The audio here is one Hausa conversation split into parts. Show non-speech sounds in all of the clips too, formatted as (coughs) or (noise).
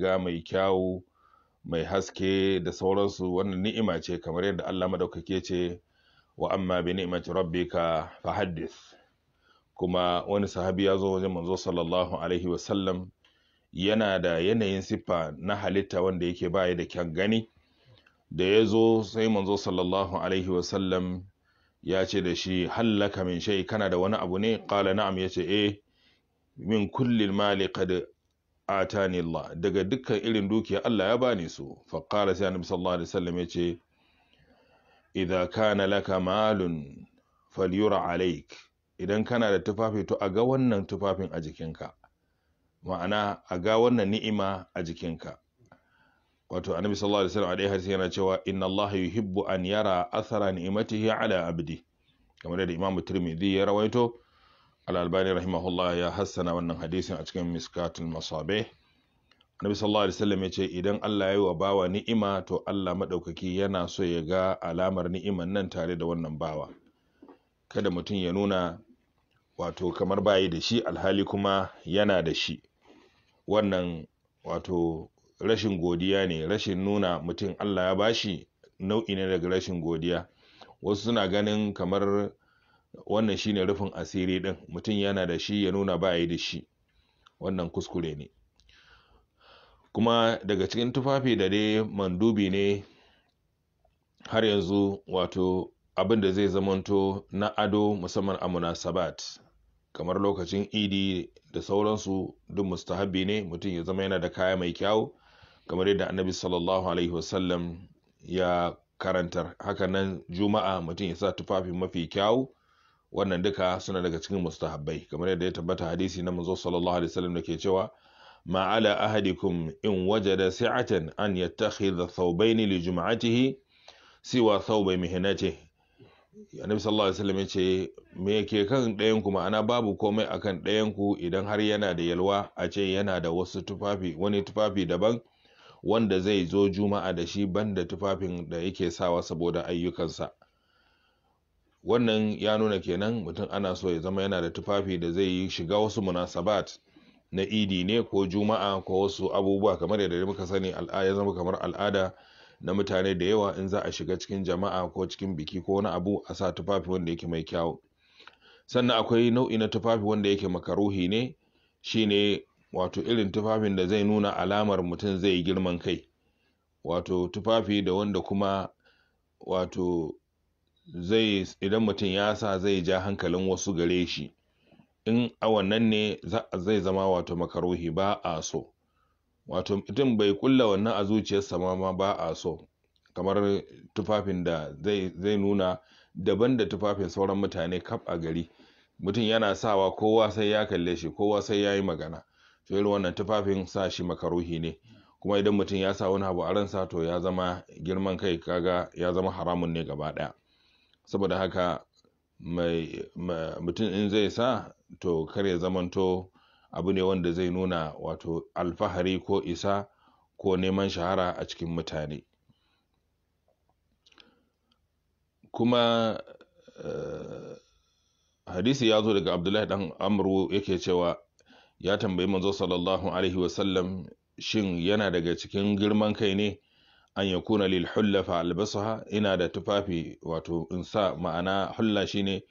riga mai kyau, mai haske da sauransu wannan ni'ima ce kamar yadda Allah madaukake ce wa amma bi ni'mati rabbika fahaddith kuma wani sahabi ya zo wajen manzo sallallahu alaihi wa sallam yana da yanayin siffa na halitta wanda yake baya da kyan gani da ya zo sai manzo sallallahu alaihi wa sallam ya ce da shi hallaka min shai kana da wani abu ne ƙala na'am ya ce eh min kullil mali qad atani Allah daga dukkan irin dukiya Allah ya bani su faqala sai annabi sallallahu alaihi wasallam yace idza kana laka malun falyura alaik idan kana da tufafi to a ga wannan tufafin a jikinka ma'ana a ga wannan ni'ima a jikinka wato annabi sallallahu alaihi wasallam a dai hadisi yana cewa inna Allah yuhibbu an yara athara ni'matihi ala abdi kamar da Imam Tirmidhi ya rawaito al'albani rahimahullah ya hassana wannan hadisin a cikin miskatul masabe annabi sallallahu alaihi wasallam yace idan Allah ya yi wa bawa ni'ima to Allah maɗaukaki yana so ya ga alamar ni'iman nan tare da wannan bawa kada mutum ya nuna wato kamar bayi da shi alhali kuma yana da shi wannan wato rashin godiya ne rashin nuna mutum Allah ya bashi nau'i ne daga rashin godiya wasu suna ganin kamar wannan shine rufin asiri ɗin mutum yana da shi ya nuna ba da shi wannan kuskure ne kuma daga cikin tufafi da dai mandubi ne har yanzu wato abin da zai zamanto na ado musamman a munasabat kamar lokacin idi da sauransu duk mustahabi ne mutum ya zama yana da kaya mai kyau kamar yadda annabi sallallahu alaihi wasallam ya karantar hakanan juma'a mutum ya sa tufafi mafi kyau wannan duka suna daga cikin mustahabbai kamar yadda ya tabbata hadisi na manzo sallallahu alaihi wasallam da ke cewa ma ala ahadikum in wajada si'atan an yattakhidha thawbayn li jum'atihi siwa thawbay mihnati annabi sallallahu alaihi wasallam yace me yake kan ɗayan ku ma'ana babu komai akan ɗayan ku idan har yana da yalwa a ce yana da wasu tufafi wani tufafi daban wanda zai zo juma'a da shi banda tufafin da yake sawa saboda ayyukansa wannan ya nuna kenan mutum ana so ya zama yana da tufafi da zai yi shiga wasu munasabat na idi ne ko juma'a ko wasu abubuwa kamar yadda muka sani ya zama kamar al'ada na mutane da yawa in za a shiga cikin jama'a ko cikin biki ko wani abu a sa tufafi wanda yake mai kyau sannan akwai nau'i na tufafi wanda yake makaruhi ne shine wato irin tufafin da zai nuna alamar mutum zai girman kai wato tufafi da wanda kuma wato idan mutum ya sa zai ja hankalin wasu gare shi in a wannan ne zai zama wato makaruhi ba a so wato mutum bai kulla wannan a zuciyarsa ma ba a so kamar tufafin da zai nuna daban da tufafin sauran mutane kaf a gari mutum yana sawa kowa sai ya kalle shi kowa sai ya yi magana to irin wannan tufafin sa shi makaruhi ne kuma idan mutum ya sa wani abu a ransa to ya zama girman kai kaga ya zama haramun ne gaba ɗaya saboda haka mutum in zai sa to kar zamanto abu ne wanda zai nuna wato alfahari ko isa ko neman shahara a cikin mutane kuma uh, hadisi ya zo daga abdullahi dan amru yake cewa ya tambayi manzo sallallahu alaihi wasallam shin yana daga cikin girman kai ne an ya kuna lil hulla fa albasaha ina da tufafi wato in sa ma'ana hulla shine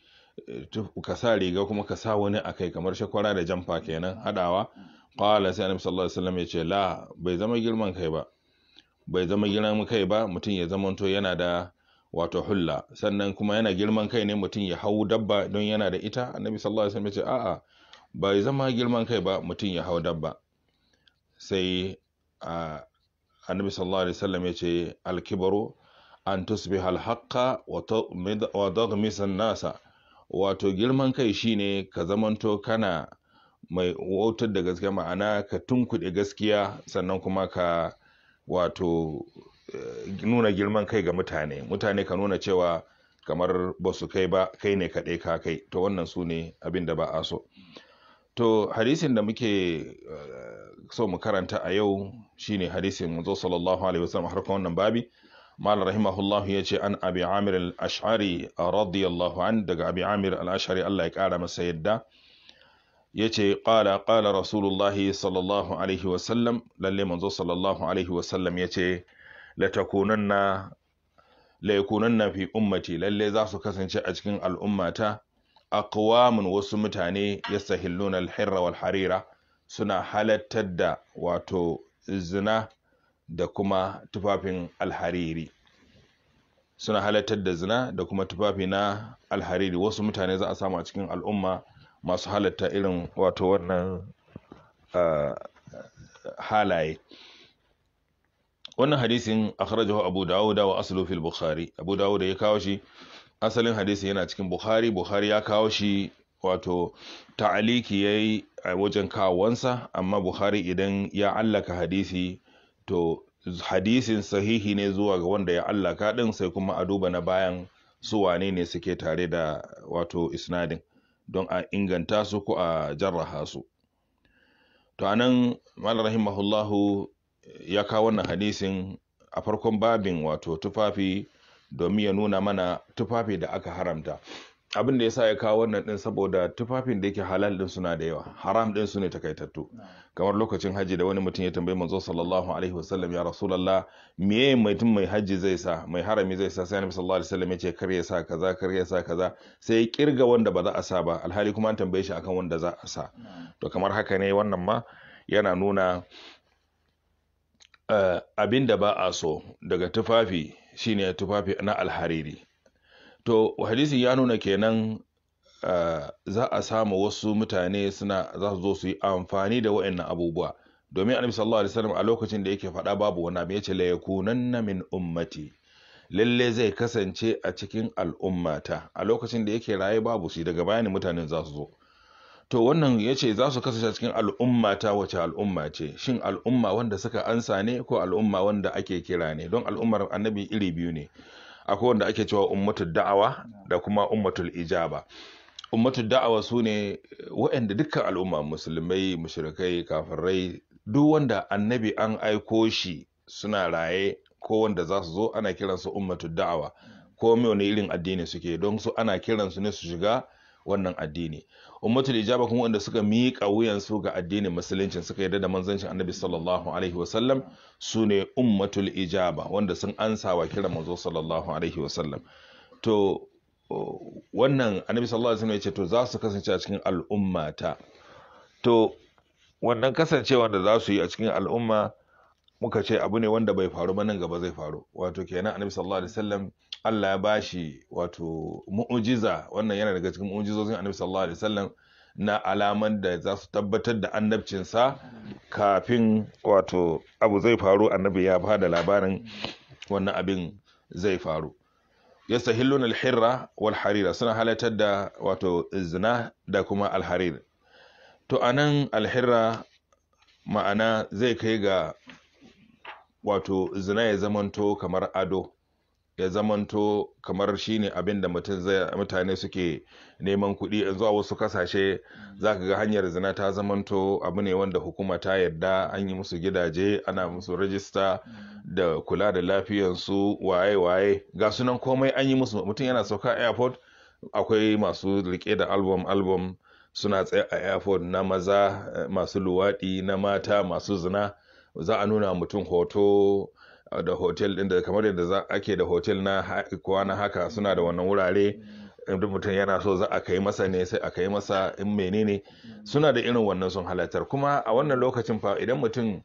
eh, ka sa riga kuma ka sa wani a kai kamar shakwara da jamfa kenan hadawa qala sai annabi sallallahu alaihi wasallam ya ce la bai zama girman kai ba bai zama girman kai ba mutum ya to yana da wato hulla sannan kuma yana girman kai ne mutum ya hau dabba don yana da ita annabi sallallahu alaihi wasallam ya ce a'a bai zama girman kai ba mutum ya hau dabba sai a ah, annabi sallallahu alaihi wasallam ya ce alkibaru an tusbih alhaqqa wa taghmisa nasa wato girman kai shine ka zamanto kana mai wautar da gaskiya ma'ana ka tunkuɗe gaskiya sannan kuma ka wato eh, nuna girman kai ga mutane mutane ka nuna cewa kamar ba su kai ba kai ne kaɗai ka kai to wannan su ne abin da ba a so to hadisin da muke eh, so mu karanta a yau shine hadisin manzo sallallahu alaihi wasallam har wannan babi mal rahimahullah ya ce an abi amir al-ash'ari radiyallahu an daga abi amir al-ash'ari Allah ya kara masa yadda yace qala qala rasulullah sallallahu alaihi wasallam lalle manzo sallallahu alaihi wasallam yace la takunanna la yakunanna fi ummati lalle za su kasance a cikin al'ummata aqwamun wasu mutane yastahilluna al-hirra wal harira suna halattar da wato zina da kuma tufafin alhariri suna halattar da zina da kuma tufafi na alhariri wasu mutane za a samu a cikin al'umma masu halatta irin wato wannan halaye wannan hadisin akhrajahu abu dawuda wa aslu fil bukhari abu dawuda ya kawo shi asalin hadisi yana cikin bukhari bukhari ya kawo shi wato ta'aliki ya yi a wajen kawansa amma buhari idan ya allaka hadisi to hadisin sahihi ne zuwa ga wanda ya allaka din sai kuma a duba na bayan su wane ne suke tare da wato isnadin don a inganta su ko a jarraha su to anan malar rahimahullahu ya kawo wannan hadisin a farkon babin wato tufafi domin ya nuna mana tufafi da aka haramta abin da ya sa ya kawo wannan din saboda tufafin da yake halal din suna da yawa haram din su ne takaitattu kamar lokacin haji da wani mutum ya tambayi manzo sallallahu alaihi wasallam ya rasulullah meye mutum mai haji zai sa mai harami zai sa sai annabi sallallahu alaihi wasallam ya ce kar ya sa kaza kar ya sa kaza sai ya kirga wanda ba za a sa ba alhali kuma an tambaye shi akan wanda za a sa to kamar haka ne wannan ma yana nuna eh, abin da ba a so daga tufafi shine tufafi na alhariri to hadisi ya nuna kenan za a samu wasu mutane suna za su zo su yi amfani da wa'annan abubuwa domin annabi sallallahu alaihi wasallam a lokacin da yake faɗa babu wani abu yace la yakunanna min ummati lalle zai kasance a cikin al'ummata a lokacin da yake raye babu shi daga bayanin mutanen za su zo to wannan ya ce za su kasance a cikin al'ummata wacce wace al'umma ce shin al'umma wanda suka ansa ne ko al'umma wanda ake kira ne don al'ummar annabi iri biyu ne akwai wanda ake cewa ummatul da'awa da kuma ummatul ijaba ummatul da'awa su ne waɗanda dukkan al'umma musulmai mushrikai kafirai duk wanda annabi an aiko shi suna raye ko wanda za su zo ana kiransu ummatul da'awa ko mai wani irin addini suke don su ana kiransu ne su shiga wannan addini ummatul ijaba kuma wanda suka miƙa wuyansu ga addinin musulunci suka yarda da manzancin annabi sallallahu alaihi wasallam su ne ummatul ijaba wanda sun ansa wa kiran manzo sallallahu alaihi wasallam to wannan annabi sallallahu alaihi wasallam ya ce to za su kasance a cikin al'ummata to wannan kasancewa da za su yi a cikin al'umma muka ce abu ne wanda bai faru ba nan gaba zai faru wato kenan annabi sallallahu alaihi wasallam Allah ya bashi wato mu'ujiza wannan yana daga cikin mu'ujizozin annabi sallallahu alaihi wasallam na alaman da za su tabbatar da annabcin sa kafin wato abu zai faru annabi ya bada labarin wannan abin zai faru yastahilluna alhirra wal harira suna halatar da wato zina da kuma alharir to anan alhirra ma'ana zai kai ga wato zina ya zamanto kamar ado ya zamanto kamar shine abin da mutane suke neman kuɗi zuwa wasu kasashe za ka ga hanyar zina ta zamanto abu ne wanda hukuma ta yarda an yi musu gidaje ana musu rajista da kula da lafiyansu waye-waye ga sunan komai an yi musu mutum yana sauka airport akwai masu rike da album-album suna tsaye a airport na maza masu luwaɗi na mata masu zina za a nuna mutum hoto da hotel din da kamar yadda ake da hotel na na haka suna da wannan wurare duk mutum yana so za a kai masa ne sai a kai masa in menene suna da irin wannan sun halartar. kuma a wannan lokacin fa idan mutum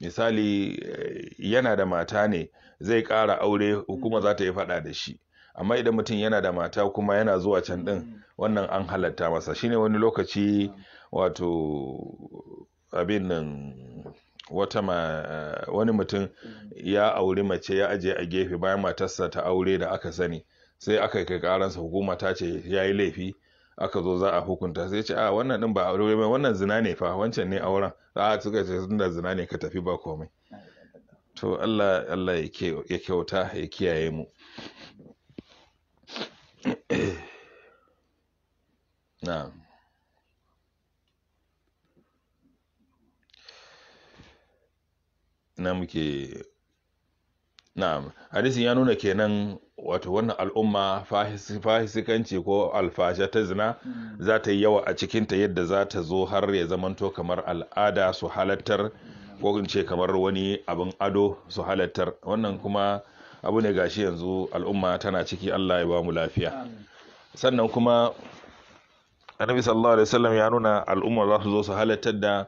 misali eh, yana da mata ne zai kara aure hukuma za ta yi fada da shi amma idan mutum yana da mata kuma yana zuwa can din. wannan an halatta masa shine wani lokaci wato abin nan wata eh, wani mutum mm-hmm. ya auri mace ya aje a gefe bayan matarsa ta aure da aka sani sai aka kai karansa hukuma ta ce ya yi laifi aka zo za a hukunta sai ce a wannan din ba aure ba wannan zina ne fa wancan ne auren a suka ce da zina ne ka tafi ba komai to Allah Allah ya kyauta ya kiyaye mu (coughs) na'am na muke na'am hadisin ya nuna kenan wato wannan al'umma fahisikanci ko alfasha ta zina hmm. za ta yi yawa a cikinta yadda za ta zo har ya zamanto kamar al'ada su halattar ko in ce kamar wani abin ado su halattar wannan kuma abu ne gashi yanzu al'umma tana ciki Allah ya ba mu lafiya sannan kuma annabi sallallahu alaihi wasallam ya nuna al'umma za su zo su halattar da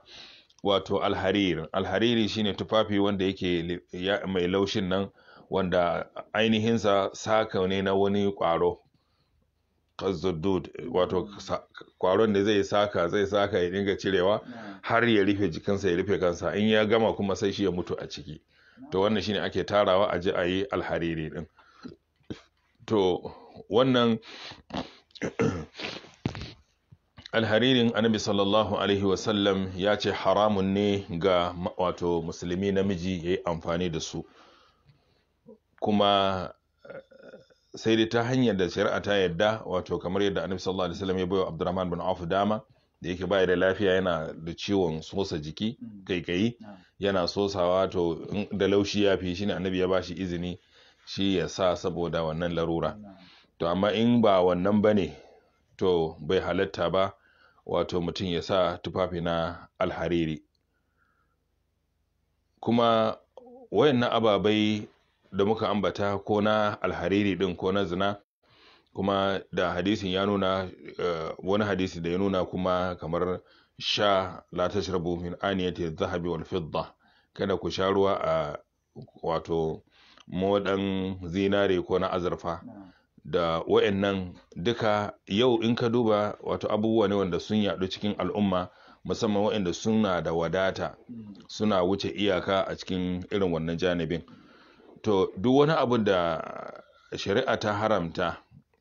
wato alharir alhariri shine tufafi wanda yake mai laushin nan wanda ainihinsa saka ne na wani kwaro wato kwaron da zai saka zai saka ya dinga cirewa har ya rufe jikinsa ya rufe kansa in ya gama kuma sai shi ya mutu a ciki to wannan shine ake tarawa a ji a yi alhariri din to wannan alharirin annabi sallallahu alaihi wasallam ya ce haramun ne ga wato musulmi namiji ya yi amfani da su kuma eh, sai dai ta hanyar da shari'a ta yadda wato kamar yadda annabi sallallahu alaihi wasallam ya bayo abdurrahman bin auf dama da yake baya da lafiya yana da ciwon sosa jiki mm. kaikayi yana sosa wato da laushi ya fi shine annabi ya bashi izini shi ya sa saboda wannan larura to amma in ba wannan bane to bai halatta ba wato mutum ya sa tufafi na alhariri kuma wayannan ababai da muka ambata ko na alhariri din ko na zina kuma da hadisin ya nuna eh, wani hadisi da ya nuna kuma kamar sha la tashrabu min aniyati zahabi wal fidda kada ku sha ruwa a wato modan zinare ko na azurfa da wa'annan duka yau in ka duba wato abubuwa ne wanda sun yaɗu cikin al'umma musamman wa'anda suna da wadata suna wuce iyaka a cikin irin wannan janibin to duk wani abu da shari'a ta haramta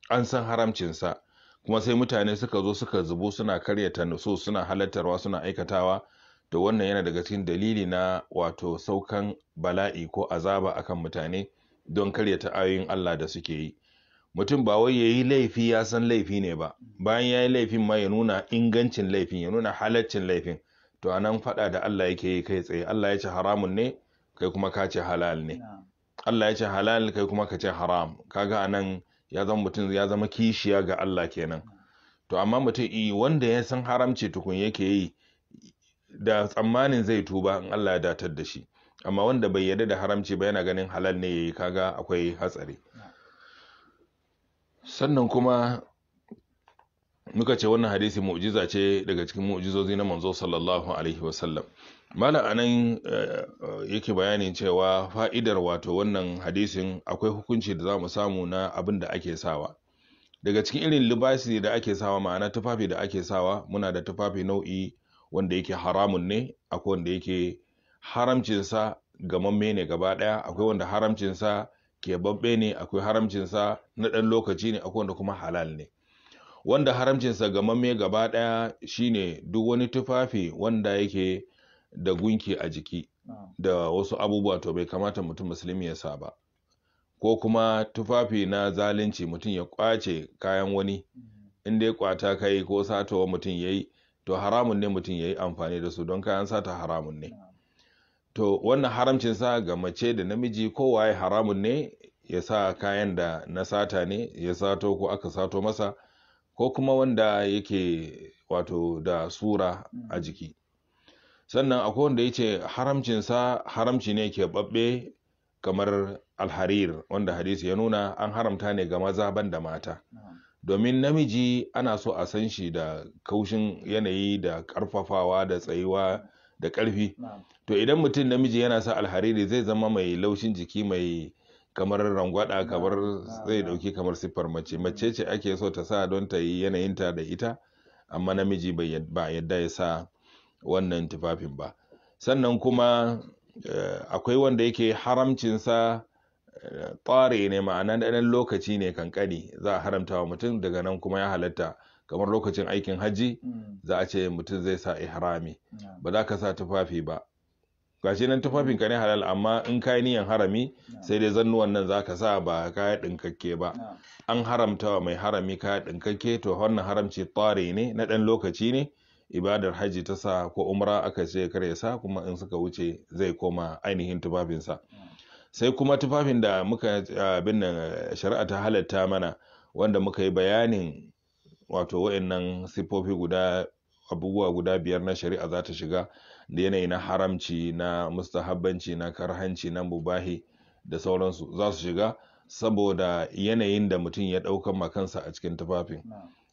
an san haramcinsa kuma sai mutane suka zo suka zubo suna karyata nusu suna halattarwa suna aikatawa to wannan yana daga cikin dalili na wato saukan bala'i ko azaba akan mutane don karyata ayoyin Allah da suke yi mutum ba wai ya yi laifi ya san laifi ne ba bayan ya yi laifin ma ya nuna ingancin laifin ya nuna halaccin laifin to anan fada da Allah yake yi kai tsaye Allah ya ce haramun ne kai kuma ka ce halal ne Allah ya ce halal kai kuma ka ce haram kaga anan ya zama mutum ya zama kishiya ga Allah kenan to amma mutum i wanda ya san haramci tukun yake yi da tsammanin zai tuba in Allah ya datar da shi amma wanda bai yarda da haramci ba yana ganin halal ne yayi kaga akwai hatsari sannan kuma muka ce wannan hadisi mu'jiza ce daga cikin mu'jizozi na manzo sallallahu alaihi wasallam malam anan eh, yake bayani cewa fa'idar wato wannan hadisin akwai hukunci da za mu samu na abin da ake sawa daga cikin irin libasi da ake sawa ma'ana tufafi da ake sawa muna da tufafi nau'i wanda yake haramun ne akwai wanda yake haramcinsa gamamme ne gaba ɗaya, akwai wanda haramcinsa keɓaɓɓe ne akwai haramcinsa na ɗan lokaci ne akwai wanda kuma halal ne wanda haramcinsa gamamme gaba ɗaya shine duk wani tufafi wanda yake da gunki a jiki da wasu abubuwa to bai kamata mutum musulmi ya sa ba ko kuma tufafi na zalunci mutum ya kwace kayan wani inda ya kwata kai ko satawa mutum ya yi to haramun ne mutum ya yi amfani da su don kayan sata haramun ne. to wannan haramcin sa ga mace da namiji kowa ya haramun ne ya sa kayan da na sata ne ya sato ko aka sato masa ko kuma wanda yake wato da sura a mm. jiki sannan akwai wanda ya ce haramcin sa haramci ne ke babbe kamar alharir wanda hadisi ya nuna an haramta ne ga maza ban da mata domin namiji ana so a san shi da kaushin yanayi da karfafawa da tsayuwa da ƙarfi to idan mutum namiji yana sa alhariri zai zama mai laushin jiki mai kamar rangwada kamar zai dauki kamar siffar mace mm. mace ce ake so ta sa don ta yi yanayinta da ita amma namiji ba yadda ya sa wannan tufafin ba sannan kuma eh, akwai wanda yake haramcinsa tsare eh, ne ma'ana ɗan lokaci ne kankani za a haramta wa mutum daga nan kuma ya halatta kamar lokacin aikin hajji mm. za a ce mutum zai sa ihrami ba za ka sa tufafi ba gashi nan tufafin ka ne halal amma in ka yi niyan harami sai dai zannuwan nan za ka sa ba kaya ɗinkakke ba an haramta wa mai harami kaya ɗinkakke to wannan haramci tsari ne na ɗan lokaci ne ibadar hajji ta sa ko umra aka ce kar ya sa kuma in suka wuce zai koma ainihin tufafinsa sai kuma tufafin da muka abin shari'a ta halatta mana wanda muka yi bayanin wato wa'annan sifofi guda abubuwa guda biyar na shari'a za ta shiga da yanayi na haramci na mustahabbanci na karhanci na mubahi da sauransu za su shiga saboda yanayin da mutum ya ɗaukan makansa a cikin tufafin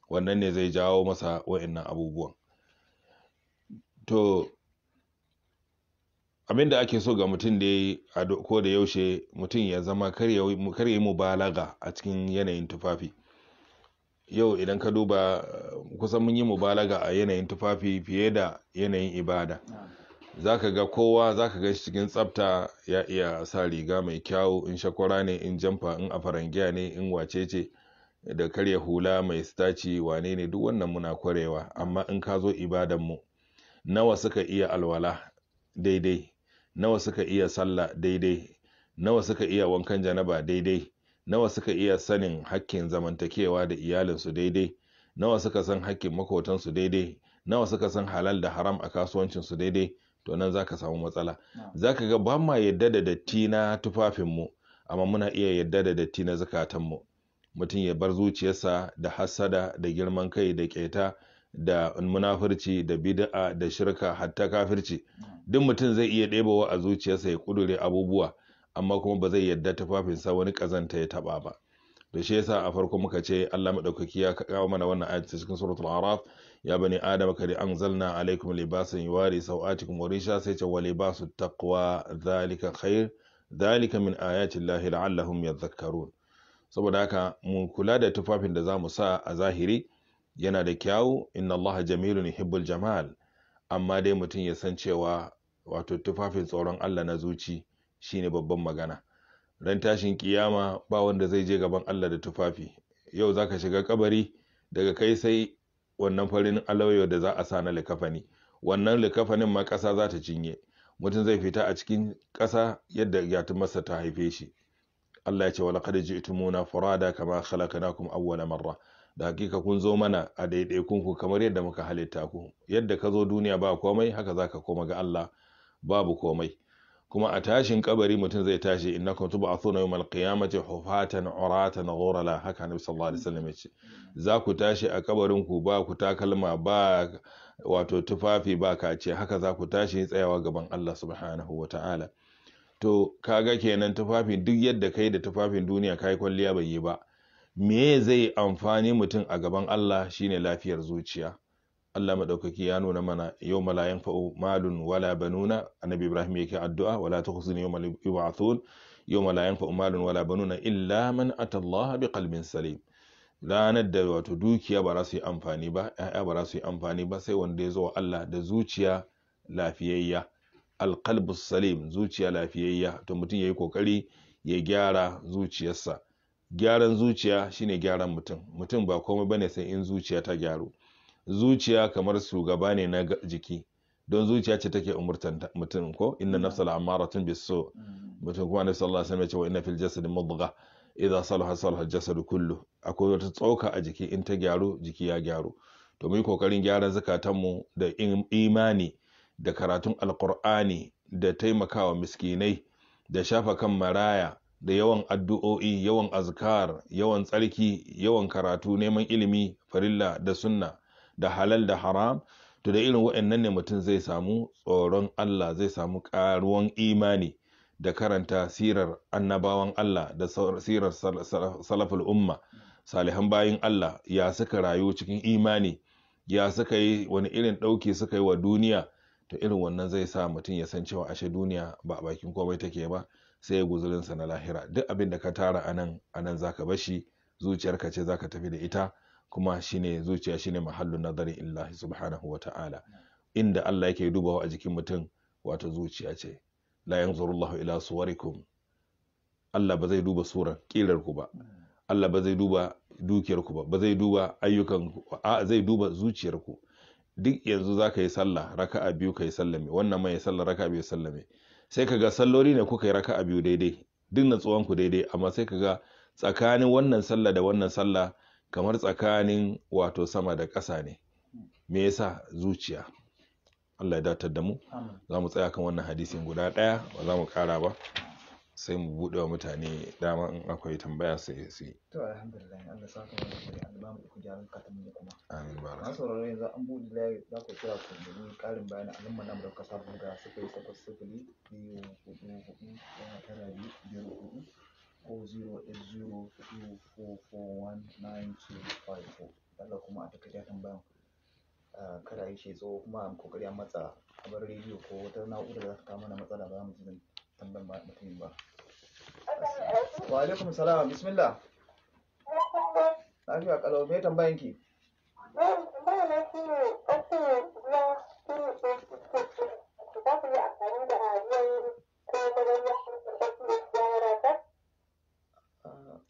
wannan ne zai jawo masa wa'annan abubuwan to abin da ake so ga mutum da ya ko da yaushe mutum ya zama kar ya yi mubalaga a cikin yanayin tufafi yau idan ka duba eh, kusan mun yi mubalaga a yanayin tufafi fiye da yanayin ibada za ka ga kowa za ka ga cikin tsafta ya iya sa riga mai kyau in shakwara ne in jamfa in afarangiya ne in wacece da karya hula mai staci wane ne duk wannan muna kwarewa amma in ka zo ibadanmu nawa suka iya alwala daidai nawa suka iya sallah daidai nawa suka iya wankan janaba daidai nawa suka iya sanin hakkin zamantakewa da iyalinsu daidai nawa suka san hakkin makotansu daidai nawa suka san halal da haram a kasuwancinsu daidai to nan za ka samu matsala Za ka ga ba ma yadda da datti na tufafinmu amma muna iya yadda da datti na zukatanmu mutum ya bar zuciyarsa da hassada da girman kai da keta da munafurci da bid'a da shirka hatta kafirci duk mutum zai iya ɗebowa a zuciyarsa ya kudure abubuwa amma kuma ba zai yadda tufafinsa wani kazanta ya taba ba da shi yasa a farko muka ce Allah madaukaki ya kawo mana wannan ayat cikin suratul araf ya bani adama kari anzalna alaikum libasan yuwari sawatikum wa sai ce wa libasu taqwa zalika khair zalika min ayati llahi la'allahum yadhakkarun saboda haka mu kula da tufafin da zamu sa a zahiri yana da kyawu inna allaha jamilun yuhibbul jamal amma dai mutum ya san cewa wato tufafin tsoron Allah na zuci shine babban magana ran tashin kiyama ba wanda zai je gaban Allah da tufafi yau zaka shiga kabari daga kai sai wannan farin alawayo da za a sa na likafani wannan likafanin ma ƙasa za ta cinye mutum zai fita a cikin ƙasa yadda yatimarsa ta haife shi Allah ya ce wala qad ji'tumuna furada kama khalaqnakum awwala marra da hakika kun zo mana a daidai ku kamar yadda muka halitta ku yadda ka zo duniya ba komai haka zaka koma ga Allah babu komai kuma a tashin kabari mutum zai tashi innakum tub'athuna hufata na hufatan uratan ghurala haka Nabi sallallahu alaihi wasallam yace za ku tashi a kabarin ku ba ku takalma ba wato tufafi ba kace haka za ku tashi tsayawa gaban Allah subhanahu wataala to kaga kenan tufafi duk yadda kai da tufafin duniya kai kwalliya bai yi ba me zai amfani mutum a gaban Allah shine lafiyar zuciya Allah maɗaukaki ya nuna mana yau la yanfa'u malun wala banuna annabi Ibrahim yake addu'a wala tukhzini yawma yub'athun yawma la yanfa'u malun wala banuna illa man bi qalbin salim ranar da wato dukiya ba za su yi amfani ba ‘ya'ya ba za su yi amfani ba sai wanda ya zo wa Allah da zuciya lafiyayya alqalbu salim zuciya lafiyayya to mutum yayi kokari ya gyara zuciyarsa gyaran zuciya shine gyaran mutum mutum ba komai bane sai in zuciya ta gyaru zuciya kamar shugaba ne na jiki don zuciya ce take umurtan mutum ko inna nafsa tun biso mm. mutum kuma nafsa Allah alaihi wasallam ya wa inna fil jasadi mudghah idza salaha salaha jasadu kullu akwai wata tsoka a jiki in ta gyaru jiki ya gyaru to mu yi kokarin gyara mu da imani da karatun alkur'ani da taimakawa miskinai da shafa kan maraya da yawan addu'o'i yawan azkar yawan tsarki yawan karatu neman ilimi farilla da sunna da halal da haram to da irin waɗannan ne mutum zai samu tsoron Allah zai samu karuwan imani da karanta sirar annabawan Allah da sirar salaful umma salihan bayan Allah ya suka rayu cikin imani ya suka yi wani irin ɗauki suka yi wa duniya to irin wannan zai sa mutum ya san cewa ashe duniya ba a bakin komai take ba sai ya guzurinsa na lahira duk abin da ka tara anan anan zaka bashi zuciyarka ce za ka tafi da ita kuma shine zuciya shine mahallun nazari illahi subhanahu wa ta'ala inda Allah yake dubawa a jikin mutum wato zuciya ce la yanzurullahu ila suwarikum Allah ba zai duba suran kirar ku ba Allah ba zai duba dukiyar ku ba ba zai duba ayyukan a zai duba zuciyar ku duk yanzu zaka yi sallah raka'a biyu kai sallame wannan mai sallah raka'a biyu sallame sai kaga sallori ne kuka yi raka'a biyu daidai duk natsuwan ku daidai amma sai kaga tsakanin wannan sallah da wannan sallah kamar tsakanin wato sama da ƙasa ne me yasa zuciya Allah ya datar da mu za mu tsaya kan wannan hadisin guda ɗaya ba za mu ƙara ba sai mu buɗe wa mutane dama in akwai tambaya sai su yi na ko 08024419254 Allah kuma a ta tambayan kada a yi shi tsawo kuma a kokari a matsa a bar rediyo ko wata na'ura da za ta kawo mana matsala ba za mu ji tambayan mutum ba wa alaikum salam bismillah lafiya kalau me tambayan ki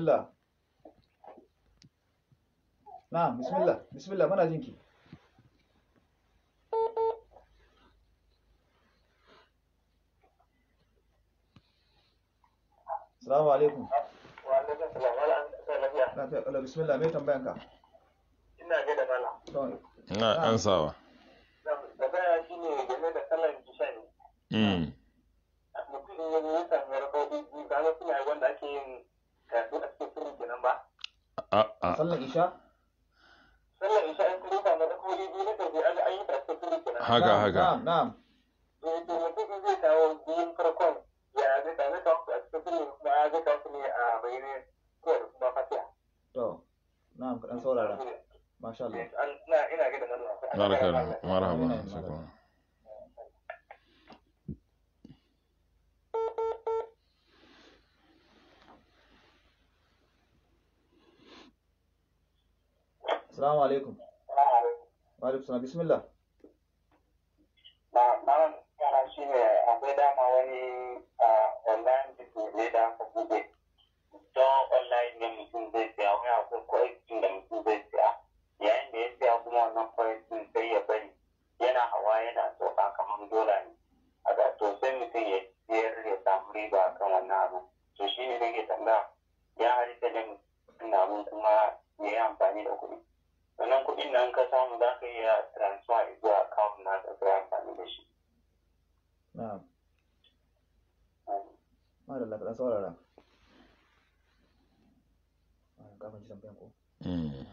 bismillah na'am bismillah bismillah muna jinki Assalamu alaikum. Bismillah ka? Ina ga da mala. Ina an sawa. Da shine game da Mm. ya wanda ake yin karatu eh, a cikin haka haka na'am na'am to zai kawo farkon da eh, masha Allah eh, ina ga da marhaba marhaba Assalamu alaikum. Wa alaikum salam. Bismillah. Ma'am shi akwai dama wani da aka buɗe. Don online ne mutum zai siya akwai kwaikin da mutum zai siya. Yayin da ya siya kuma wannan kwaikin sai ya bari. Yana hawa yana tsoka kamar dola ne. A da to mutum ya siyar ya samu riba kan wannan To shi ne Ya kuma ya yi amfani da kuɗi. sannan kuɗin nan ka samu za ka iya transfer zuwa account na ka kai amfani da shi kafin ko hmm.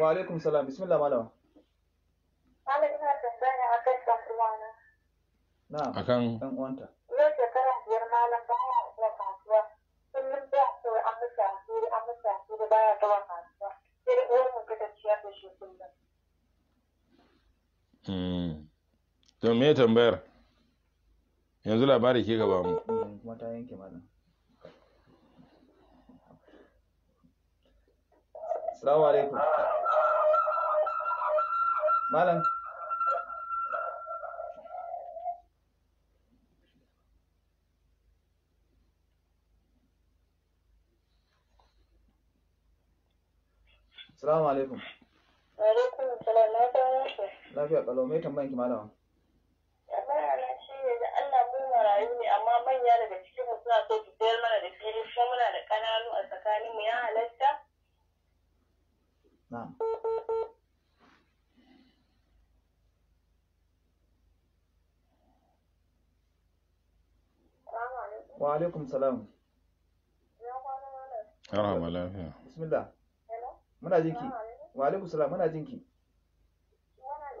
wa alaikum salam bismillah malama malama ina tambaya akan dan uwana na akan dan uwanta ranar ba ya kasuwa kullum da so an ba ya kasuwa sai ta ciyar da shi kullum. to me tambayar yanzu labari ke gaba mu alaikum. Malam. Salamu alaikum. Alaikum salam na san mutu. Lafiya kalau mai tambayan ki malama. Tambaya na shi ne da Allah mu marayu ne amma manya daga cikin mu suna so su sayar mana da fili Ko muna da ƙananu a tsakanin mu ya halatta. Na'am. Wa alaikum salam. Ya kwana mana. Rahama lafiya. Bismillah. muna jinki wa alaikum salam muna jinki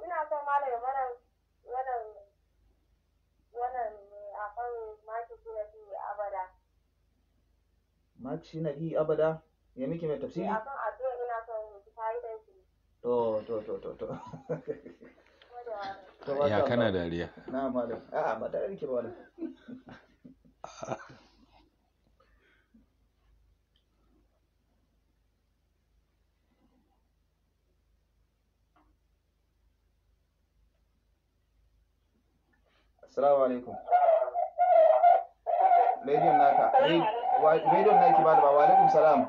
ina son malam ya mana wannan wannan akan maki shi na fi abada maki shi fi abada ya miki mai tafsiri akan addu'a ina son ki da shi to to to to to (laughs) ya kana dariya na malam a'a ba dariya ke ba malam (laughs) Assalamu alaikum. Rediyon naka. Rediyon naki ba da ba. Wa alaikum salam.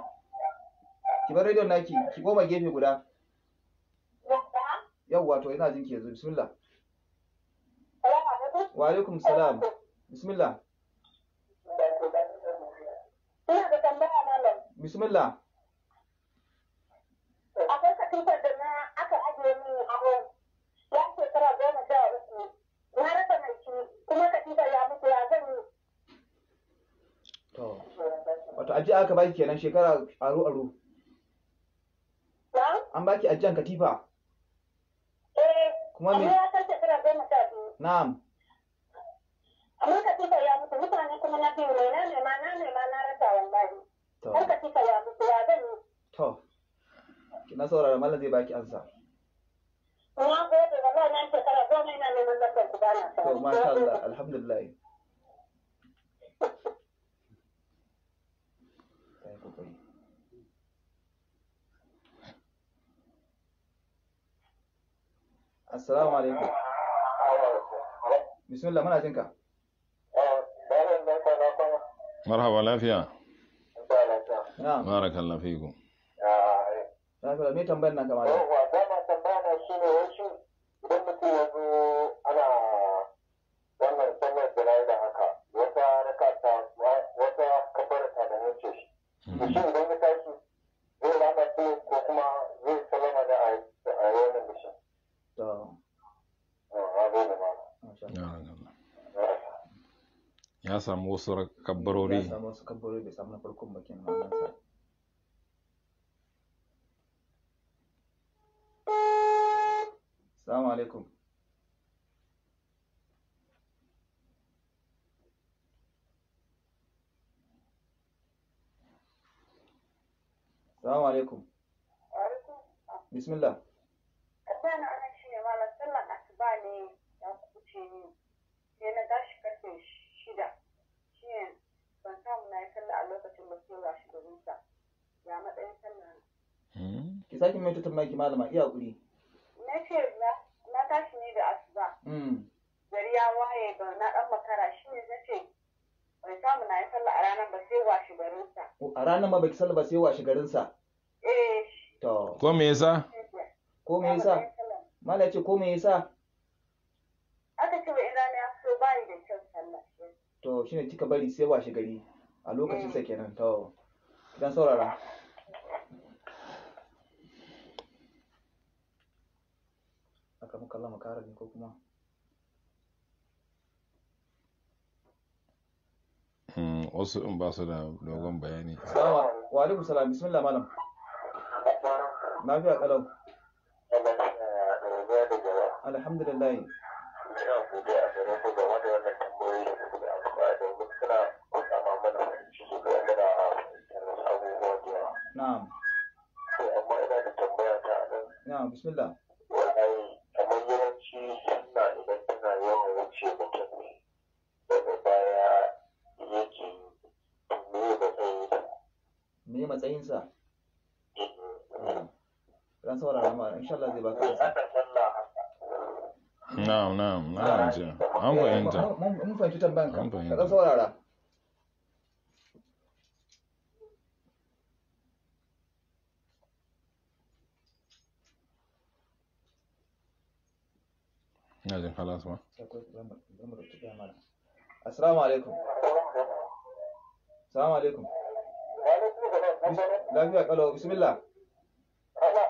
Ki bar rediyon naki, ki goma gefe guda. Yawwa to ina jin ki yanzu bismillah. Wa alaikum salam. Bismillah. Bismillah. to wato ajiya aka baki kenan shekara aro aro an baki ajiyan katifa eh kuma me ya san shekara goma sha biyu na'am amma katifa ya mutu mutane kuma na biyu ne na nema na nema na rasa wallahi har katifa ya mutu ya zan yi to kina saurara mallam zai baki ansa na gode wallahi na shekara goma ina neman lafiyar ku ba na to masha Allah alhamdulillah assalamu alaikum bismillah muna jinka marhaba lafiya barakallahu fikum me tambayar nan samu wasu kabbarori. Ya samu wasu kabbarori bai samu na farkon bakin mamansa. Ya matsayin sannan. Hmm? Ki sake mai tutun maki malama iya hakuri. Na ce na tashi ne da asuba. Hmm. Gari ya waye ba na ɗan makara shi ne na ce bai samu na yi sallah a ranar ba sai washe garinsa. A ranar ma baki sallah ba sai washe garinsa. Eh. To. Ko me yasa? Ko me yasa? Mala ce ko me yasa? Aka ce bai rana ya so bayi da kyau sallah. To shine kika bari sai washe gari a lokacin sa eh. kenan to. Kidan saurara. ka mukallama ka wasu in ba su da dogon bayani salamu wa alaikum salam bismillah malam na fi kalau alhamdulillah نعم نعم بسم matsayinsa mm-hmm. ran saurara ma insha Allah zai baka ansa na'am na'am na'am ji an eh, fahimta mun fahimci tambayan ka ka dan saurara ina jin halas ma assalamu alaikum assalamu alaikum lafiya kalau bismillah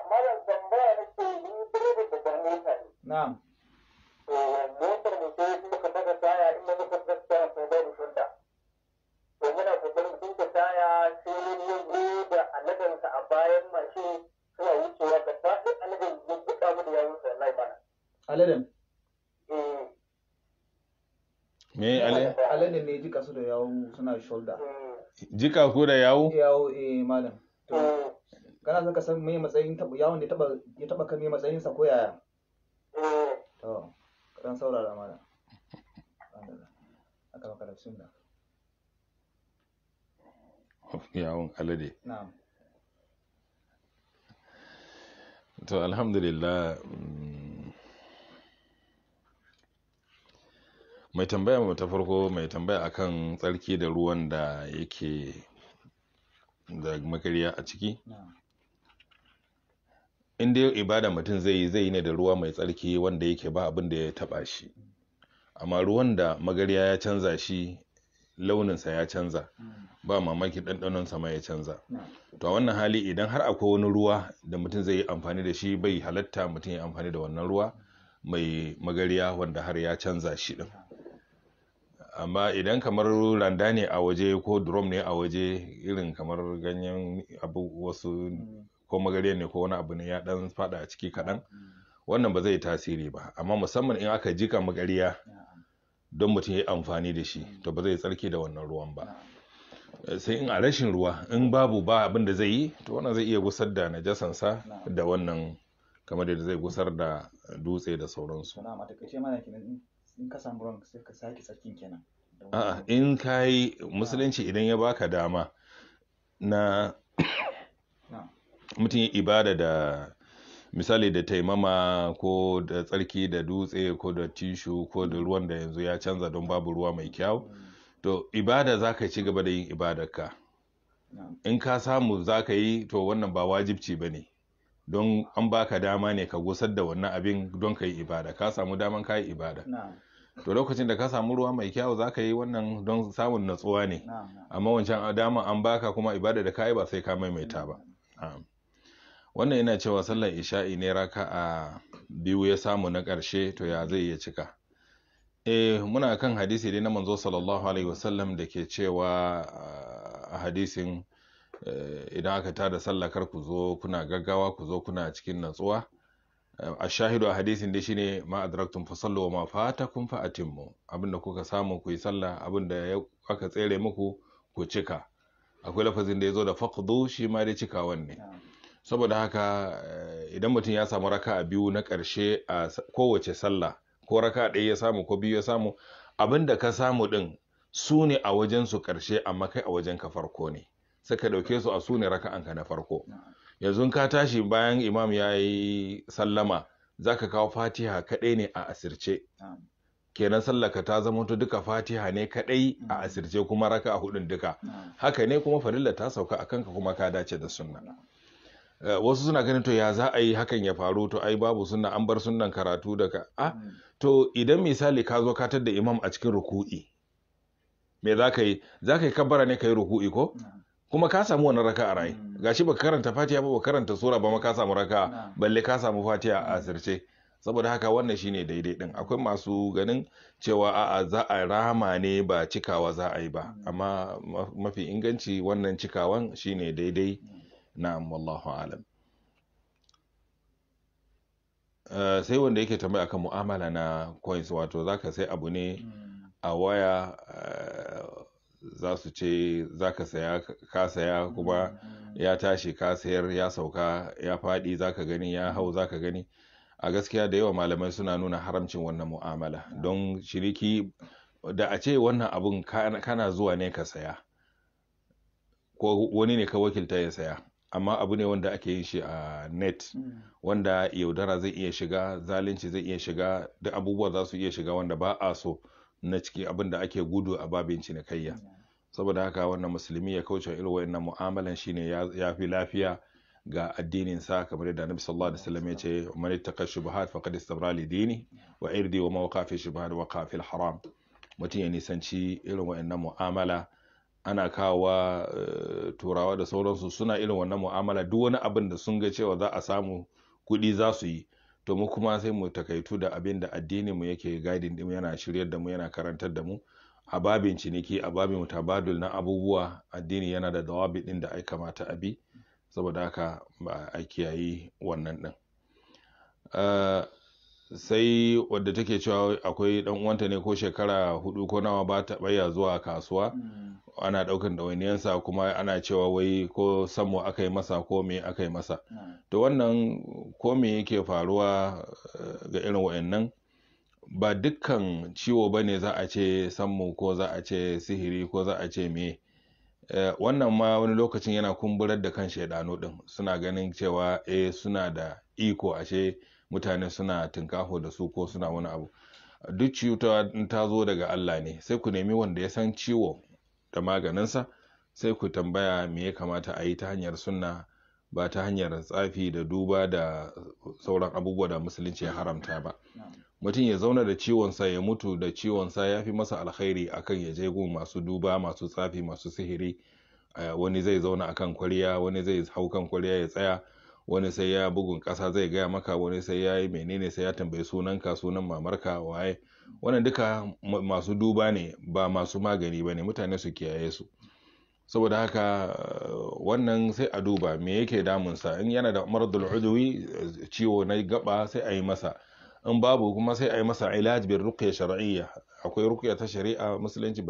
malam tambaya na ke yi direban da ban mota ne na'am to motar mu sai muka daga taya inda muka tsaya sai da shunda to muna kokarin duka taya sai wani ya zo da ka a bayan mashin suna wucewa da faɗin aladan ya buɗa mu da yawun sa wallahi bana aladan eh. me aladan aladan ne ya jika su da yawun suna shoulder eh. jika ko da yawo yawo eh malam to ah. kana zaka san me matsayin taba yawon da taba ya taba kan me matsayin sa ko yaya ah. to kan saurara malam aka maka da sunna yawon alade na'am to alhamdulillah mm, mai tambaya mai ta farko mai tambaya akan tsarki da ruwan da yake da makariya a ciki inda yau ibada mutum zai yi zai yi ne da ruwa mai tsarki wanda yake ba abin da ya taba shi amma ruwan da magarya ya canza shi launinsa ya canza mm. ba mamaki ɗanɗanon sama ya canza to a wannan hali idan har akwai wani ruwa da mutum zai yi amfani da shi bai halatta mutum ya amfani da wannan ruwa mai magariya wanda har ya canza shi ɗin amma idan kamar randa ne a waje ko drum ne a waje irin kamar ganyen abu wasu ko mm. magare ne ko wani abu ne ya dan fada a ciki kaɗan mm. wannan ba zai tasiri ba amma musamman in aka jika magariya don mutum ya yi amfani da shi mm. to ba zai tsarki da wannan ruwan ba eh, sai in a rashin ruwa in babu ba abin da zai yi to wannan zai iya gusar da najasansa da wannan kamar da zai gusar da dutse da sauransu in ka samu sai ka sake kenan a'a in yi musulunci idan ya baka dama na (coughs) mutum ya ibada da misali da taimama ko da tsarki da dutse ko da tishu ko da ruwan da yanzu ya canza don babu ruwa mai kyau to ibada za ka ci gaba da yin ibadarka in ka samu za ka yi to wannan ba wajibci ba ne don an baka dama ne ka gusar da wannan abin don ka yi ibada ka samu daman ka yi ibada to lokacin da ka samu ruwa mai kyau za ka yi wannan don samun natsuwa ne amma wancan dama an baka kuma ibada da ka yi ba sai ka maimaita ba wannan yana cewa sallar isha'i ne raka a biyu ya samu na ƙarshe to ya zai iya cika eh muna kan hadisi dai na manzo sallallahu alaihi wasallam da ke cewa a ah, hadisin Eh, idan aka tada sallah kar ku zo kuna gaggawa ku zo kuna cikin natsuwa eh, a shahidu a hadisin dai shine ma adraktum fa sallu wa ma fatakum fa atimmu abinda kuka samu ku yi sallah abinda aka tsere muku ku cika akwai lafazin da ya zo da faqdu shi ma dai cikawan ne saboda haka eh, idan mutum ya samu raka a biyu na karshe a kowace sallah ko raka ɗaya ya samu ko biyu ya samu da ka samu din su ne a wajen su ƙarshe amma kai a wajen ka farko ne sai ka su a sune raka'anka na farko yanzu ka tashi bayan imam ya yi sallama za ka kawo fatiha kaɗai ne a asirce kenan sallaka ta to duka fatiha ne kaɗai a asirce kuma raka a hudun duka haka ne kuma farilla ta sauka a kanka kuma ka dace da sunna eh, wasu suna ganin to ya za a yi hakan ya faru to ai babu sunna an bar sunnan karatu daga a to idan misali ka zo katar da imam a cikin ruku'i me za ka yi za ka yi kabbara ne ka yi ruku'i ko kuma ka samu wani raka a rai hmm. gashi baka karanta fatiha ba baka karanta sura ba ma ka samu raka balle ka samu fatiha a asirce saboda haka wannan shine daidai din akwai masu ganin cewa a'a za a rama ne ba cikawa za a yi ba hmm. amma mafi inganci wannan cikawan shine daidai hmm. na'am wallahu alam eh, sai wanda yake tambaya akan mu'amala na coins wato zaka sai abu ne a waya eh, za su ce za ka saya ka saya kuma mm. ya tashi ka sayar ya sauka ya faɗi za ka gani ya hau za ka gani a gaskiya da yawa malamai suna nuna haramcin wannan mu'amala don shiriki da a ce wannan abun kana zuwa ne ka saya ko wani ne ka wakilta ya saya amma abu ne wanda ake yin shi a net mm. wanda yaudara zai iya shiga zalunci zai iya shiga duk abubuwa za su iya shiga wanda ba a so na ciki abin da ake gudu a babin cinikayya mm. saboda haka wannan musulmi ya kauce irin wayannan mu'amalan shine ya fi lafiya ga addinin sa kamar yadda Annabi sallallahu alaihi wasallam ya ce man ittaqa shubuhat faqad istabra li dini wa irdi wa mawqa fi shubuhat wa haram mutum ya nisanci irin wayannan mu'amala ana kawa eh, turawa da sauransu suna irin wannan mu'amala duk wani abin da sun ga cewa za a samu kuɗi za su yi to mu kuma sai mu takaitu da abin da addinin mu yake guiding din yana shiryar da mu yana karantar da mu a babin ciniki a babin mutabadul na abubuwa addini yana da dawabi ɗin da ai kamata a bi saboda haka ba a kiyayi wannan ɗin. Eh, sai wadda take cewa akwai dan uwanta ne ko shekara hudu ko nawa ba ta baya zuwa kasuwa mm. ana daukan wainiyansa kuma ana cewa wai ko samu aka yi masa ko me aka yi masa mm. to wannan ko me yake faruwa eh, ga irin wayannan ba dukkan ciwo ba ne za a ce sammu ko za a ce sihiri ko za a ce me eh, wannan ma wani lokacin yana kumburar da kan shaidano din suna ganin cewa e suna da iko ashe mutane suna tunkaho da su ko suna wani abu duk ciwo ta zo daga Allah ne sai ku nemi wanda ya san ciwo da maganinsa sai ku tambaya me ya kamata a yi ta hanyar sunna ba ta hanyar tsafi da duba da sauran abubuwa da musulunci ya haramta ba. mutum ya zauna da ciwonsa ya mutu da ciwonsa ya fi masa alkhairi akan ya je gun masu duba masu tsafi masu sihiri wani zai zauna akan kwariya wani zai hau kan kwariya ya tsaya wani sai ya bugun ƙasa zai gaya maka wani sai ya yi menene sai ya tambayi sunanka sunan mamarka waye wannan duka masu duba ne ba masu magani ba ne mutane su kiyaye su saboda haka wannan sai a duba me yake damunsa in yana da maradul udwi ciwo na gaba sai a yi masa in babu kuma sai a yi masa ilaj bin ruqya shari'a akwai ruqya ta shari'a musulunci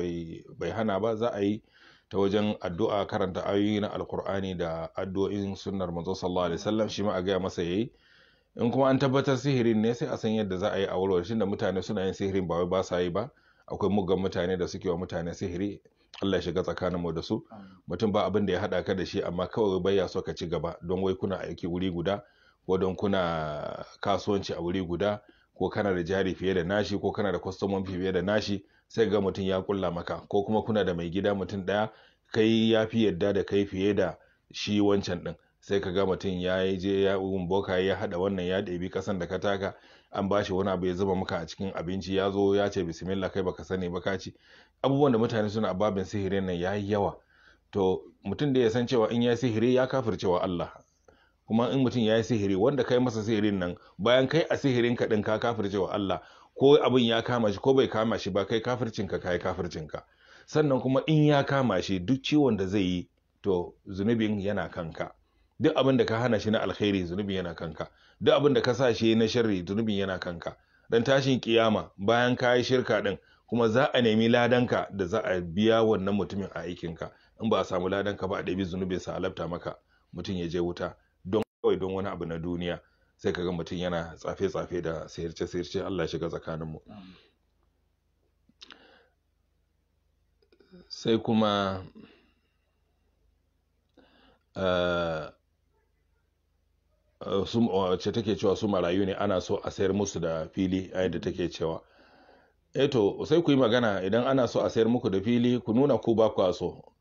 bai hana ba za a yi ta wajen addu'a karanta ayoyi na alkur'ani da addu'o'in sunnar manzo sallallahu alaihi wasallam shi ma a gaya masa yayi in kuma an tabbatar sihirin ne sai a san yadda za a yi a warware shi da mutane suna yin sihirin ba wai ba sa yi ba akwai mugan mutane da suke wa mutane sihiri Allah shiga tsakanin mu da su mutum ba abin da ya hada ka da shi amma kawai ya so ka ci gaba don wai kuna aiki wuri guda wadon kuna kasuwanci a wuri guda ko kana da jari fiye da nashi ko kana da kwastomon fiye da nashi sai ga mutum ya kulla maka ko kuma kuna da mai gida mutum daya kai ya fi yadda da kai fiye da shi wancan din sai ka ga mutum ya yi je ya un boka ya haɗa wannan ya ɗebi ƙasan da ka taka an bashi wani abu ya zuba maka a cikin abinci ya zo ya ce bismillah kai baka sani ba ka ci abubuwan da mutane suna babin sihirin nan ya yi yawa to mutum da ya san cewa in ya sihiri ya kafircewa Allah kuma in mutum ya yi sihiri wanda kai masa sihirin nan bayan kai a sihirin ka ɗin ka kafirce wa Allah ko abin ya kama shi ko bai kama shi ba kai kafircin kafircinka kai ka. sannan kuma in ya kama shi duk ciwon da zai yi to zunubin yana kanka duk abin da ka hana shi na alkhairi zunubin yana kanka duk abin da ka sa shi na sharri zunubin yana kanka dan tashin kiyama bayan ka yi shirka din kuma za a nemi ladanka da za a biya wannan mutumin a aikinka in ba a samu ladanka ba a ɗabi zunubin a labta maka mutum ya je wuta kawai don wani abu na duniya sai ka ga mutum yana tsafe-tsafe da sayarce-sayarce Allah shiga tsakaninmu sai kuma eh, ce take cewa su marayu ne ana so a sayar musu da fili a yadda take cewa eto eh sai ku yi magana idan ana so a sayar muku da fili ku nuna ku ba ku so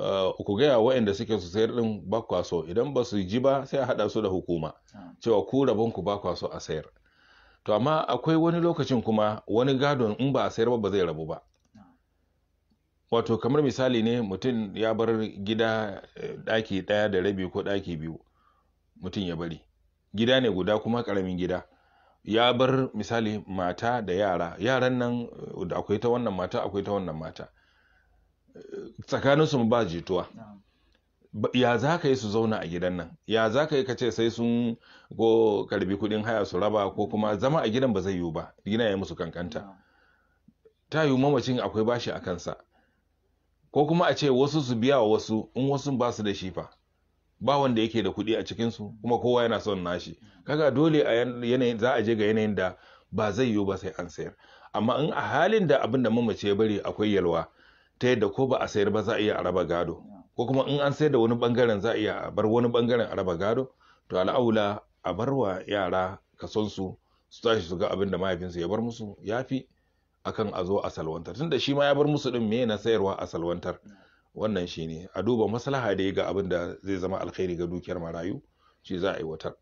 Eh, ku gaya waɗanda suke su sayar din ba so idan ba su ji ba sai a haɗa su da hukuma ah. cewa ku rabon ku ba so a sayar to amma akwai wani lokacin kuma wani gadon in ba a sayar ba ba zai rabu ba ah. wato kamar misali ne mutum ya bar gida eh, ɗaki ɗaya da rabi ko daki biyu mutum ya bari gida ne guda kuma ƙaramin gida ya bar misali mata da yara yaran nan eh, akwai ta wannan mata akwai ta wannan mata tsakaninsu ba jituwa ya za ka yi su zauna a gidan nan ya za ka yi ka ce sai sun ko karbi kudin haya su raba ko kuma zama a gidan ba zai yiwu ba gina ya musu kankanta ta yiwu mamacin akwai bashi a kansa ko kuma a ce wasu su biya wa wasu in wasu ba su da shifa ba wanda yake da kuɗi a cikinsu kuma kowa yana son nashi kaga dole a yanayin za a je ga yanayin da ba zai yiwu ba sai an sayar amma in a halin da abin da mamaci ya bari akwai yalwa ta yadda ko ba a sayar ba za a iya araba gado ko kuma in an sayar da wani bangaren za a iya bar wani bangaren araba gado to al'aula a bar wa yara kasonsu su tashi su ga abin da mahaifinsu ya bar musu ya fi akan a zo a salwantar tunda shi ma ya bar musu din me na sayarwa a salwantar wannan shi ne a duba maslaha da ga abin da zai zama alkhairi ga dukiyar marayu shi za a aiwatar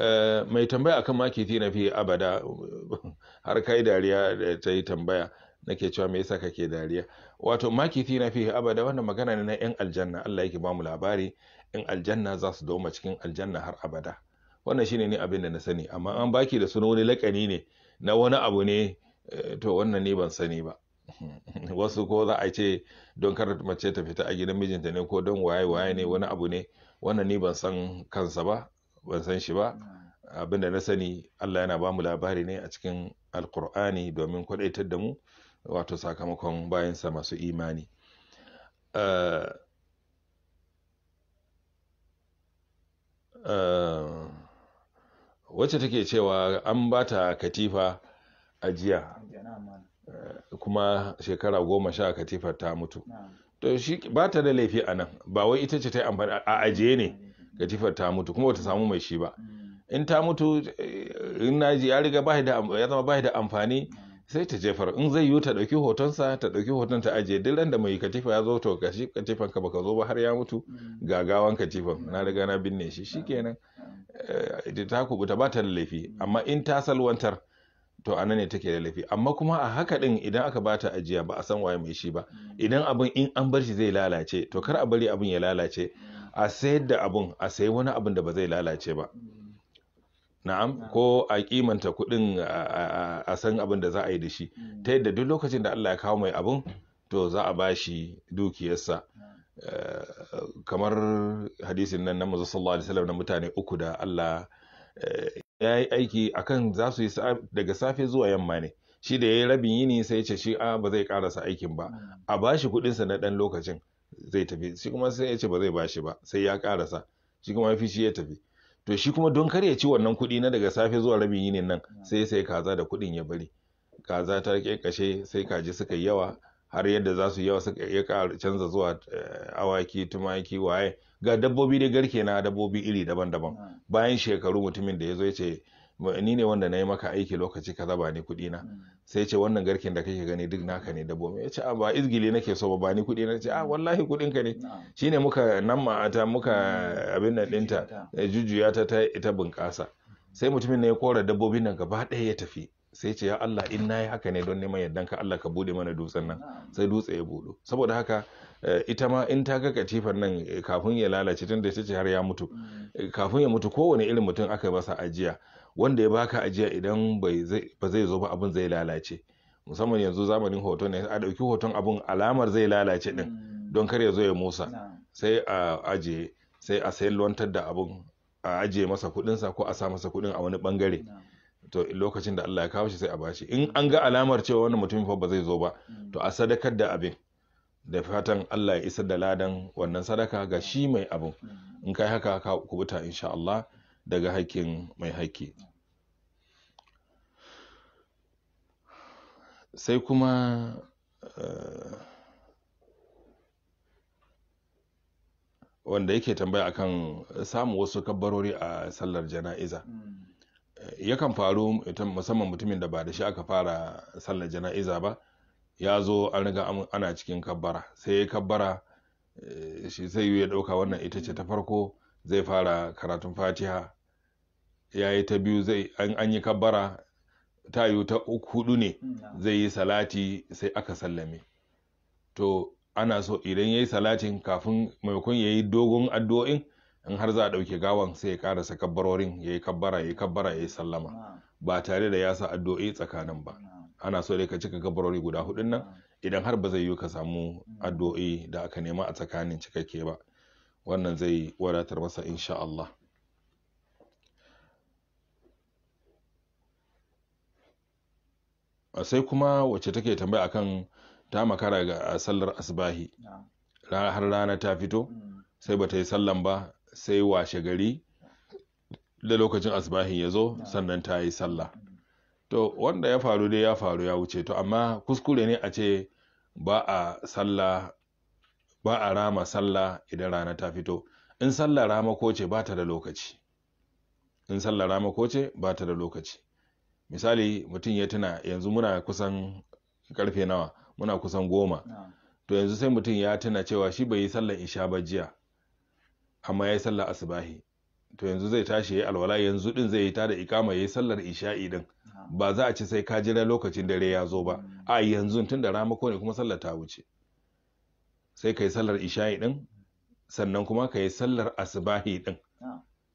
eh, mai tambaya akan maki na fi abada (laughs) har kai dariya da ta yi tambaya nake cewa me yasa kake dariya wato makiti na fihi abada wannan magana ne na yan aljanna Allah yake mu labari yan aljanna za su doma cikin aljanna har abada wannan shine ne abin da na sani amma an baki da suno wani lakani ne na wani abu ne eh, to wannan ne ban sani ba (laughs) wasu ko za a ce don kar mace ta fita a gidan mijinta ne ko don waye waye ne wani abu ne wannan ni ban san kansa ba ban san shi ba abin da na sani Allah yana mu labari ne a cikin alkur'ani domin kwadaitar da mu wato sakamakon bayansa masu imani eh, eh, wacce take cewa an ba ta katifa a jiya eh, kuma shekara goma sha katifar ta mutu to shi ba ta da laifi a nan ba wai ita ce ta yi amfani a ajiye ne katifar ta mutu kuma bata samu mai shi ba in ta mutu in ji ya riga ya zama ba da amfani sai ta jefar in zai yiwu ta ɗauki hotonsa ta ɗauki hoton ta ajiye duk da mai katifa ya zo to kashi katifan ka baka zo ba har ya mutu mm. ga gawan katifan na daga na binne shi shikenan eh, ita ta kubuta ba ta da laifi amma in ta salwantar to anan ne take da laifi amma kuma a haka din idan aka bata ajiya ba a san waye mai shi ba mm. idan abin in an bar shi zai lalace to kar a bari abin ya lalace a sayar da abun a sayi wani abun da ba zai lalace ba mm. na'am ko a kimanta kuɗin a san abin da za a yi da shi mm. ta yadda duk lokacin da Allah ya kawo mai abin to za a ba shi dukiyarsa eh, kamar hadisin nan na manzo sallallahu alaihi wasallam na mutane uku da Allah eh, ya yi aiki akan za su yi daga safe zuwa yamma ne shi da ya yi rabin yini sai ya ce shi a ah, ba zai karasa aikin ba mm. a ba shi kuɗinsa na ɗan lokacin zai tafi shi kuma sai ya ce ba zai bashi ba sai ya karasa shi kuma ya fi shi ya tafi to shi kuma don kar ya ci wannan kuɗi na daga safe zuwa rabin yinin nan sai sai kaza da kuɗin ya bari kaza ta kashe sai kaji suka yi yawa har yadda za su yawa suka ya canza zuwa eh, awaki tumaki waye ga dabbobi dai garke na dabbobi iri daban-daban bayan shekaru mutumin da ya zo ya ce ni ne wanda na yi maka aiki lokaci kaza ba ni kuɗi na sai ce wannan garkin da kake gani duk naka ne dabo ya ce ba izgili nake so ba ba ni kuɗi na ce a wallahi kuɗin ka ne shine muka nan ma'ata muka hmm. abin nan ɗinta jujjuya ta eh, ta bunƙasa sai mutumin ne ya kora dabbobin nan gaba ɗaya ya tafi sai ce ya Allah in nayi haka ne don neman yardan ka Allah ka bude mana dutsen nan sai dutse ya budo saboda haka eh, ita ma in ta ga katifar nan eh, kafin ya lalace tunda ta ce har ya mutu hmm. kafin ya mutu kowane irin mutum aka masa ajiya wanda ya baka ajiya idan ba zai zo ba abin zai lalace musamman yanzu zamanin hoton ne a dauki hoton abin alamar zai lalace din mm. don kar ya zo ya musa sai a ajiye sai a sayarwantar da abin a ajiye masa kuɗinsa ko a sa masa kuɗin a wani bangare to lokacin da Allah ya kawo shi sai a bashi in an ga alamar cewa wannan mutumin fa ba zai zo ba mm. to a sadakar da abin da fatan Allah ya isar da ladan wannan sadaka ga shi mai abin in kai haka ka kubuta insha Allah daga hakkin mai hakki sai kuma eh, wanda yake tambaya akan samun wasu kabbarori a sallar jana'iza eh, yakan faru musamman mutumin da ba da shi aka fara sallar jana'iza ba ya zo an riga ana cikin kabbara sai ya kabbara eh, shi sai ya ɗauka wannan ita ce ta farko zai fara karatun fatiha ya yi ta biyu zai an yi kabbara ta yi ta hudu ne zai yi salati sai aka sallame to ana so idan ya yi salatin kafin maimakon ya yi dogon addu'o'in in har za a ɗauke gawan sai ya ƙarasa kabbarorin ya yi kabbara ya yi kabbara ya yi sallama ba tare da ya sa addu'o'i tsakanin ba ana so dai ka cika kabbarori guda hudun nan idan har ba zai yiwu ka samu addu'o'i da aka nema a tsakanin cikakke ba wannan zai wadatar masa insha Allah sai kuma wacce take tambaya akan ta makara ga sallar asbahi har rana ta fito hmm. sai bata yi sallan ba sai washe gari da lokacin asbahin ya zo sannan ta yi sallah hmm. to wanda ya faru dai ya faru ya wuce to amma kuskure ne a ce ba a salla? ba a rama sallah idan rana ta fito in sallah rama ko ce ba ta da lokaci in sallah rama ko ce ba ta da lokaci misali mutum ya tuna yanzu muna kusan karfe nawa muna kusan goma to yanzu sai mutum ya tuna cewa shi bai yi sallar isha ba jiya amma ya yi sallar asubahi to yanzu zai tashi ya alwala yanzu din zai yi ta da ikama ya yi sallar isha'i din ba za a ci sai ka jira lokacin dare ya zo ba hmm. a yanzu tun da rama ko ne kuma sallar ta wuce sai ka yi sallar isha'i ɗin sannan kuma ka yi sallar asibahi ɗin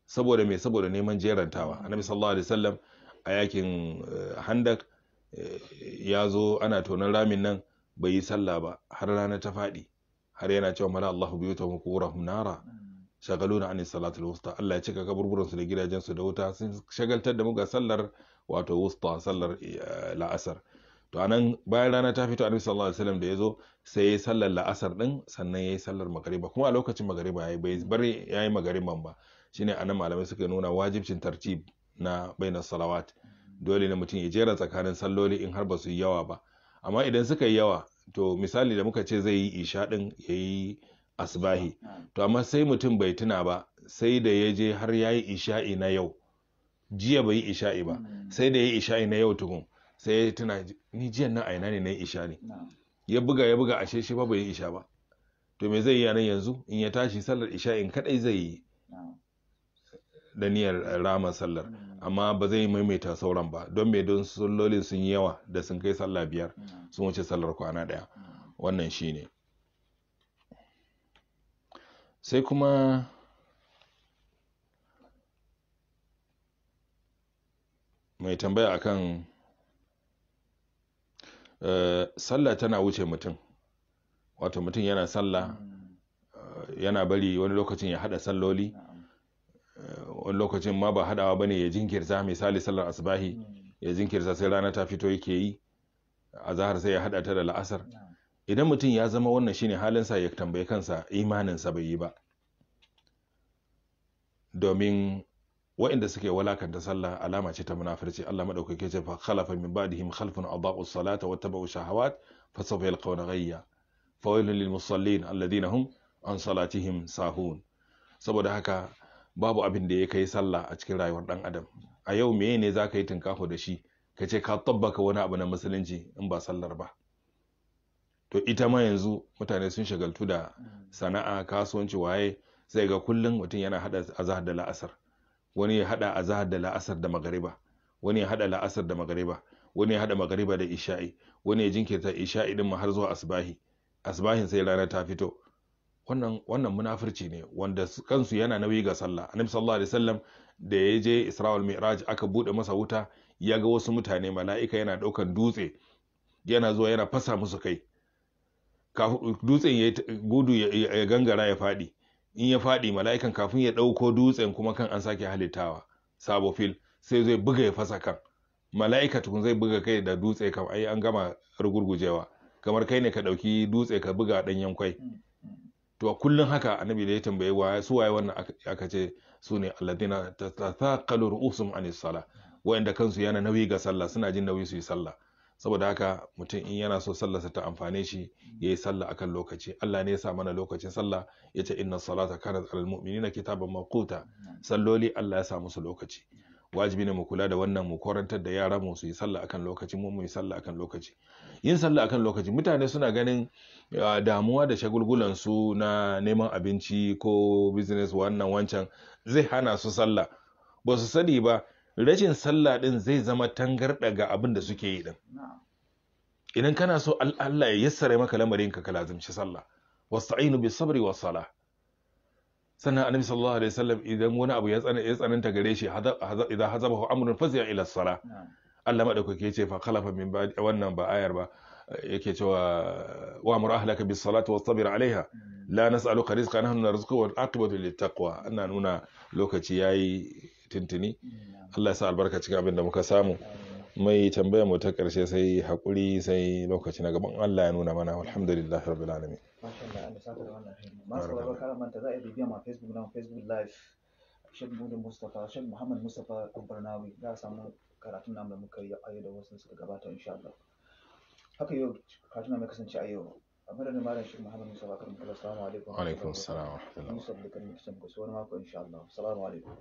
saboda mai saboda neman jerantawa annabi sallallahu alaihi wasallam a yakin eh, handak eh, ya zo ana tonon ramin nan bai yi salla ba har rana ta faɗi har yana cewa mala Allahu biyu ta mukurahum nara shagaluna an salatul wusta Allah ya cika kaburburansu da gidajensu da wuta sun shagaltar da muka sallar wato wusta sallar eh, la'asar to anan bayan rana ta fito annabi sallallahu alaihi wasallam da yazo sai yayi sallar la'asar din sannan yayi sallar magariba kuma a lokacin magariba yayi bai bari yayi magariban ba shine anan malamai suka nuna wajibcin tartib na bainas salawat dole ne mutum ya jera tsakanin salloli in har ba su yi yawa ba amma idan suka yi yawa to misali da muka ce zai yi isha din yayi asbahi to amma sai mutum bai tuna ba sai da ya je har yayi isha'i na yau jiya bai yi isha'i ba hmm. sai da yayi isha'i na yau tukun sai ya tuna ni jiyan nan a ina ne na yi isha ne ya buga ya buga ashe shi babu ya isha ba to me zai yi nan yanzu in ya tashi sallar isha in kadai zai yi da niyyar rama sallar hmm. amma ba zai maimaita sauran ba don me don sallolin sun yi yawa da sun kai sallah biyar hmm. sun wuce sallar kwana daya hmm. wannan shine sai kuma mai tambaya akan Eh, sallah tana wuce mutum wato mutum yana sallah eh, yana bari wani lokacin ya hada salloli eh, wani lokacin ma ba hadawa bane ya jinkirta misali sallar asbahi ya jinkirta sai rana ta fito yake yi a zahar sai ya hada ta da la'asar idan mutum ya zama wannan shine halinsa ya tambayi kansa imaninsa bai yi ba domin wa'inda suke walakanta sallah alama ce ta munafirci Allah madaukake ce fa khalafa min ba'dihim khalfun adaa'u salata wattaba'u shahawat fa sawfa yalqawna ghayya fa wailun lil musallin alladhina hum an salatihim sahun saboda haka babu abin da ya kai sallah a cikin rayuwar dan adam a yau meye ne zaka yi tinkafo da shi ka ce ka tabbaka wani abu na musulunci in ba sallar ba to ita ma yanzu mutane sun shagaltu da mm. sana'a kasuwanci waye sai ga kullum mutum yana hada azhar da la'asar wani ya hada azahar da la'asar da magariba wani ya hada la'asar da magariba wani ya hada magariba da isha'i wani ya jinkirta isha'i din har zuwa asbahi asbahin sai rana ta fito wannan wannan munafurci ne wanda kansu yana nauyi ga sallah annabi sallallahu alaihi wasallam da ya je isra'ul mi'raj aka bude masa wuta ya ga wasu mutane mala'ika yana daukan dutse yana zuwa yana fasa musu kai dutsen ya gudu ya gangara ya fadi in ya faɗi mala'ikan kafin ya ɗauko dutsen kuma kan an sake halittawa sabo fil sai zai buga ya fasa kan mala'ika tukun zai buga kai da dutse kam ai an gama rugurgujewa kamar kai ne ka ɗauki dutse ka buga ɗanyen kwai to kullum haka annabi da ya tambaye wa su waye wannan aka ce su ne alladina tathaqalu ru'usum anis sala wa'anda kansu yana nauyi ga sallah suna jin nauyi su yi sallah saboda haka mutum in yana so sallarsa ta amfane shi ya yi sallah akan lokaci Allah ne ya sa mana lokacin sallah ya ce inna salata kanat alal mu'minina kitaban mawquta salloli Allah ya sa musu lokaci wajibi ne mu kula da wannan mu korantar da yara mu su yi sallah akan lokaci mu mu yi sallah akan lokaci yin sallah akan lokaci mutane suna ganin damuwa da shagulgulan su na neman abinci ko business wannan wancan zai hana su sallah ba su sani ba rashin sallah din zai zama tangarɗa ga abin da suke yi din idan kana so Allah ya yassara maka lamarin ka kalazimci sallah wasta'inu bis sabri was sala sannan annabi sallallahu alaihi wasallam idan wani abu ya tsananta gare shi idza hazabahu amrun fazi'a ila sala Allah madaukake ce fa khalafa min ba wannan ba ayar ba yake cewa wa amur ahlaka bis salati wastabir alaiha mm. la nas'aluka rizqan nahnu narzuquka wal aqibatu lit taqwa ana nuna lokaci yayi tintini mm. Allah ya sa albarka cikin abin da muka samu mai tambaya mu ta karshe sai hakuri sai lokaci na gaban Allah ya nuna mana alhamdulillah rabbil alamin masu rabar karamanta za a bibiya ma facebook na facebook live shek budu mustapha shek muhammad mustapha kubarnawi za a samu karatun nan da muka yi a da wasu suka gabata insha Allah haka yau karatun nan mai kasance a yau amma da malam shek muhammad mustapha karamanta assalamu alaikum alaikum assalam wa rahmatullahi wa barakatuh mustapha da karamanta sun ga mako insha Allah assalamu alaikum